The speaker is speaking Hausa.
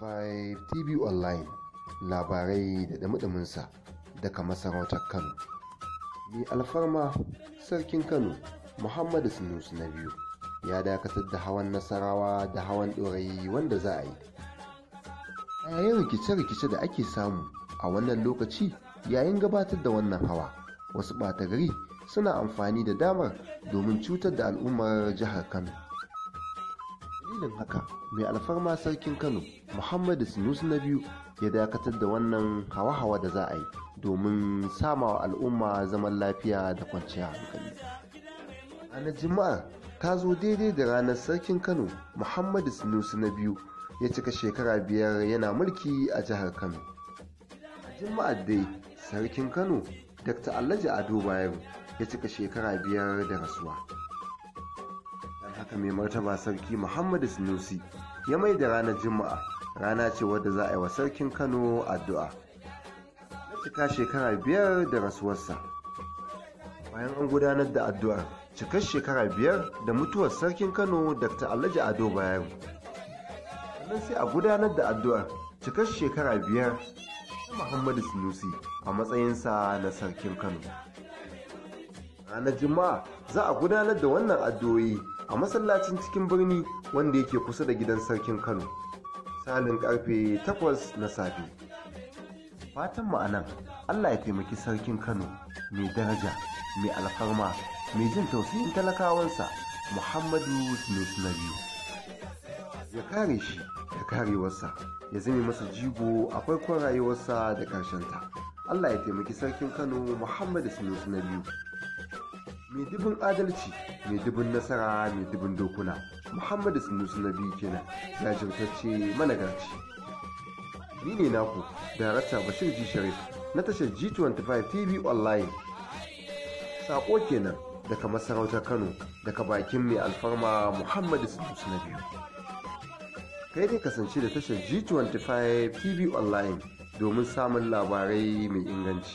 365 TV online labarai da dumudumunsa daga masarautar Kano. Mai alfarma sarkin Kano Muhammadu Sinusu na biyu ya dakatar da hawan nasarawa da hawan ɗorayi wanda za a yi. A yayin rikice-rikice da ake samu a wannan lokaci yayin gabatar da wannan hawa wasu ɓata gari suna amfani da damar domin cutar da al'ummar jihar Kano. dalilin haka mai alfarma sarkin kano muhammadu sinusu na biyu ya dakatar da wannan hawa-hawa da za a yi domin samawa al'umma zaman lafiya da kwanciya hankali ranar jima'a ta zo daidai da ranar sarkin kano muhammadu sinusu na biyu ya cika shekara biyar yana mulki a jihar kano a jima'ar dai sarkin kano dr alhaji ado bayero ya cika shekara biyar da rasuwa da mai martaba sarki muhammadu Sinusi ya mai da ranar juma'a rana ce wadda za a yi wa sarkin kano addu'a na cika shekara biyar da rasuwarsa bayan an gudanar da addu'ar cikar shekara biyar da mutuwar sarkin kano dr alhaji ado bayero sannan sai a gudanar da addu'ar cikar shekara biyar ta muhammadu Sinusi a matsayinsa na sarkin kano ranar juma'a za a gudanar da wannan addu'o'i a masallacin cikin birni wanda yake kusa da gidan sarkin kano salin karfe 8 na safe fatan mu allah ya taimaki sarkin kano mai daraja mai alfarma mai jin tausayin talakawansa muhammadu sinusu na biyu ya kare shi kare wasa, ya zame masa jigo a farkon rayuwarsa da ƙarshenta. Allah ya taimaki sarkin Kano Muhammadu sinusu na biyu. mai dubin adalci mai dubin nasara mai dubin dokuna muhammadu sunusu na biyu kenan jajirtacce managarci ni ne naku darakta bashir ji sharif na tashar g25 tv online sako kenan daga masarautar kano daga bakin mai alfarma muhammadu sunusu na biyu kai dai kasance da tashar g25 tv online domin samun labarai mai inganci